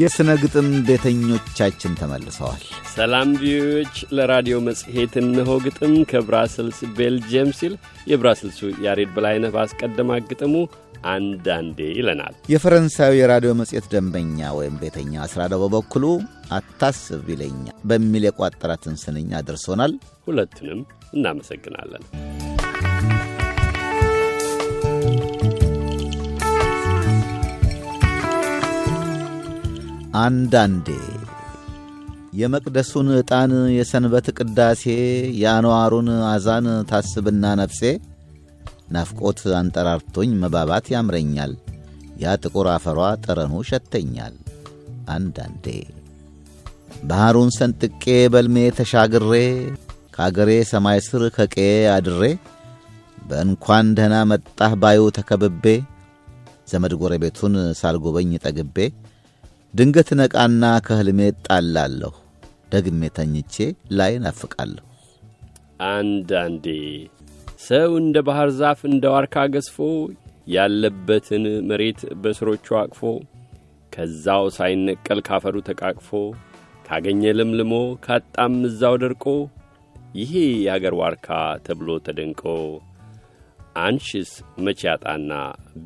የሥነ ግጥም ቤተኞቻችን ተመልሰዋል። ሰላም ቪዎች ለራዲዮ መጽሔት እነሆ ግጥም ከብራስልስ ቤልጅየም ሲል የብራስልሱ ያሬድ በላይነህ ባስቀደማ ግጥሙ አንዳንዴ ይለናል። የፈረንሳዊ የራዲዮ መጽሔት ደንበኛ ወይም ቤተኛ አስራዳው በበኩሉ አታስብ ይለኛ በሚል የቋጠራትን ስንኛ አድርሶናል። ሁለቱንም እናመሰግናለን። አንዳንዴ የመቅደሱን ዕጣን፣ የሰንበት ቅዳሴ፣ የአንዋሩን አዛን ታስብና ነፍሴ ናፍቆት አንጠራርቶኝ መባባት ያምረኛል። ያ ጥቁር አፈሯ ጠረኑ ሸተኛል። አንዳንዴ ባሕሩን ሰንጥቄ በልሜ ተሻግሬ ከአገሬ ሰማይ ስር ከቀዬ አድሬ በእንኳን ደህና መጣህ ባዩ ተከብቤ ዘመድ ጎረቤቱን ሳልጎበኝ ጠግቤ ድንገት ነቃና ከህልሜ ጣላለሁ። ደግሜ ተኝቼ ላይ ናፍቃለሁ። አንዳንዴ ሰው እንደ ባሕር ዛፍ እንደ ዋርካ ገዝፎ ያለበትን መሬት በስሮቹ አቅፎ ከዛው ሳይነቀል ካፈሩ ተቃቅፎ ካገኘ ለምልሞ ካጣም እዛው ደርቆ ይሄ የአገር ዋርካ ተብሎ ተደንቆ አንሽስ መቼ ያጣና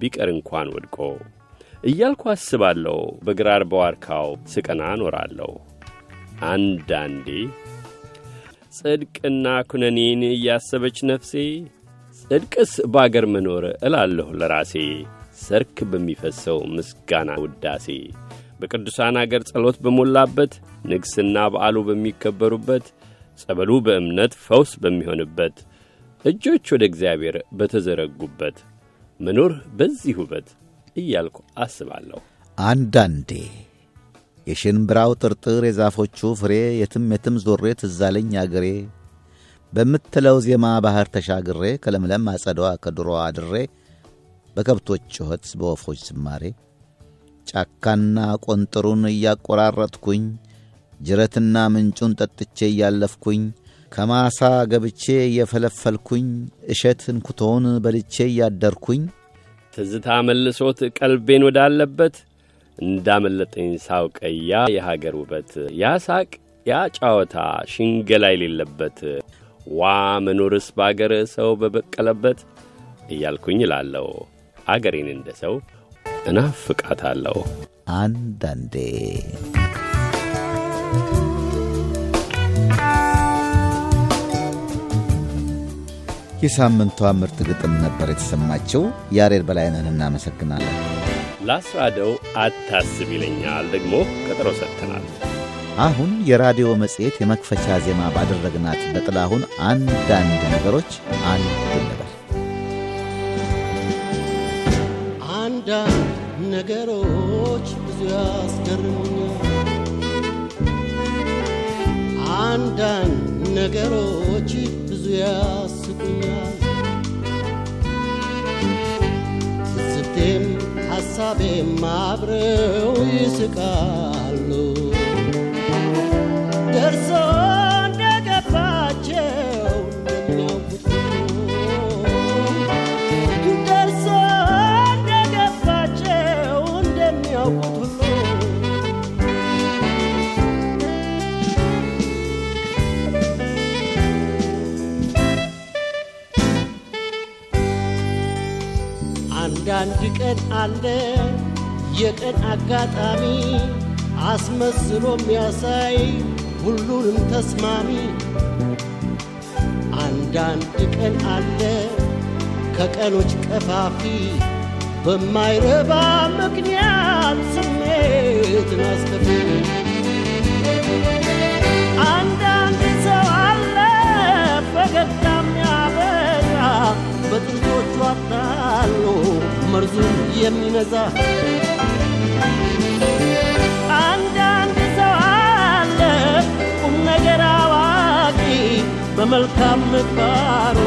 ቢቀር እንኳን ወድቆ እያልኩ አስባለሁ። በግራር በዋርካው ስቀና እኖራለሁ። አንዳንዴ ጽድቅና ኩነኔን እያሰበች ነፍሴ ጽድቅስ በአገር መኖር እላለሁ ለራሴ ሰርክ በሚፈሰው ምስጋና ውዳሴ በቅዱሳን አገር ጸሎት በሞላበት ንግሥና በዓሉ በሚከበሩበት ጸበሉ በእምነት ፈውስ በሚሆንበት እጆች ወደ እግዚአብሔር በተዘረጉበት መኖር በዚህ ውበት እያልኩ አስባለሁ። አንዳንዴ የሽንብራው ጥርጥር፣ የዛፎቹ ፍሬ፣ የትም የትም ዞሬ ትዛለኝ አገሬ በምትለው ዜማ ባህር ተሻግሬ ከለምለም አጸደዋ ከድሮ አድሬ በከብቶች ጩኸት በወፎች ዝማሬ ጫካና ቆንጥሩን እያቆራረጥኩኝ ጅረትና ምንጩን ጠጥቼ እያለፍኩኝ ከማሳ ገብቼ እየፈለፈልኩኝ እሸት እንኩቶውን በልቼ እያደርኩኝ ትዝታ መልሶት ቀልቤን ወዳለበት እንዳመለጠኝ ሳውቀ ያ የሀገር ውበት ያ ሳቅ ያ ጫወታ ሽንገላ የሌለበት ዋ መኖርስ በአገር ሰው በበቀለበት እያልኩኝ እላለሁ አገሬን እንደ ሰው እናፍቃታለሁ አንዳንዴ የሳምንቷ ምርጥ ግጥም ነበር የተሰማቸው። ያሬድ በላይነን እናመሰግናለን። ላስራደው አታስብ ይለኛል ደግሞ ቀጠሮ ሰጥተናል። አሁን የራዲዮ መጽሔት የመክፈቻ ዜማ ባደረግናት በጥላሁን አንዳንድ ነገሮች አንድ ነበር አንዳንድ ነገሮች ብዙ ያስገርሙኛል። አንዳንድ ነገሮች ብዙ ያስ ስስቴም ሀሳቤም አብረው ይስቃሉ ደርሶ እንደገባቸው እንደሚያውቁት ደርሶ እንደገባቸው እንደሚያውቁት ሁሉ አንዳንድ ቀን አለ የቀን አጋጣሚ አስመስሎ የሚያሳይ ሁሉንም ተስማሚ። አንዳንድ ቀን አለ ከቀኖች ቀፋፊ በማይረባ ምክንያት ስሜትን አስከፊ የሚነዛ አንዳንድ ሰው አለ ቁም ነገር አዋቂ በመልካም ምግባሩ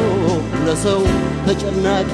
ለሰው ተጨናቂ